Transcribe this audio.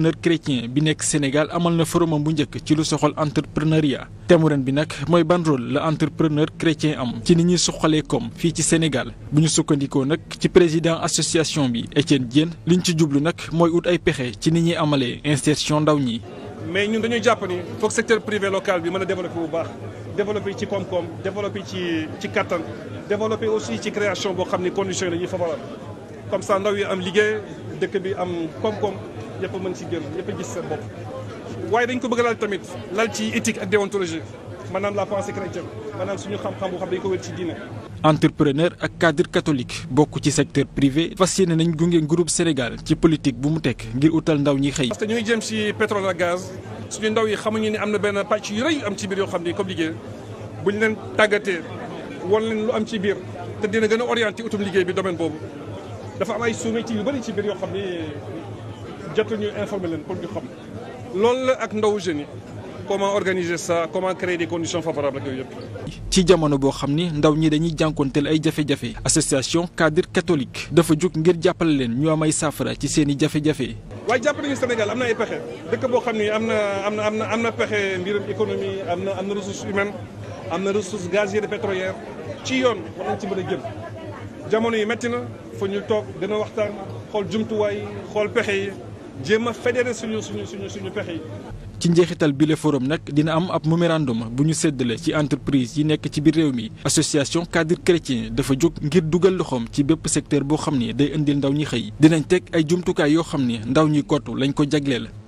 partenaire chrétien bi nekk Sénégal amal na forumam bu njëkk ci lu soxal entrepreneuriat thème bi nag mooy ban rôle la entrepreneur chrétien am ci ni ñuy suqalee koom fii ci Sénégal bu ñu sukkandikoo nag ci président association bi Étienne li liñ ci jublu nag mooy ut ay pexe ci ni ñuy amalee insertion ndaw ñi. mais ñun dañuy jàpp ni foog secteur privé local bi mën a développé bu baax développé ci koom-koom développé ci ci kattan développé aussi ci création boo xam ni conditions yi la ñuy favorable ndaw yi am liggéey dëkk bi am koom ñëpp a mën ci gën ñëpp a gis seen bopp waaye dañ ko bëgg laal tamit lal ci éthique ak déontologie maanaam la pensée chrétienne maanaam suñu xam-xam bu xam dañ ko wér ci diine entrepreneur ak cadre catholique bokk ci secteur privé fas yéene nañ gunge groupe Sénégal ci politique bu mu tekk ngir utal ndaw ñi xëy. parce que ñu ngi jëm ci pétrole ak gaz suñu ndaw yi xamuñu ne am na benn pàcc yu rëy am ci biir yoo xam ne comme liggéey buñ leen tàggatee wan leen lu am ci biir te dina gën a orienté utum liggéey bi domaine boobu dafa am ay sous-métiers ci biir yoo xam ne ñu informé leen pour ñu xam loolu la ak ndaw jeunes yi comment organiser sa comment créer des condition favorables ak yooyu yëpp. ci jamono boo xam ni ndaw ñi dañuy jànkoonteel ay jafe-jafe association cadre catholique dafa jug ngir jàppale leen ñu am ay saafara ci seen i jafe-jafe. waaye jàpp nañu Sénégal am na ay pexe dëkk boo xam ni am na am na am na am na pexe mbirum économie am na am na ressource humaine am na ressource gazière et pétrolière ci yoon war nañ ci mën jamono yi métti na fa ñu toog gën a waxtaan xool jumtuwaay xool pexe jéem a suñu suñu suñu pexe ci njeexital bi le nag dina am ab mémorandum bu ñu séddale ci entreprise yi nekk ci biir réew mi association cadre chrétien dafa jóg ngir dugal loxoom ci bépp secteur boo xam ni day indil ndaw ñi xëy dinañ teg ay jumtukaay yoo xam ni ndaw ñi kottu lañ ko la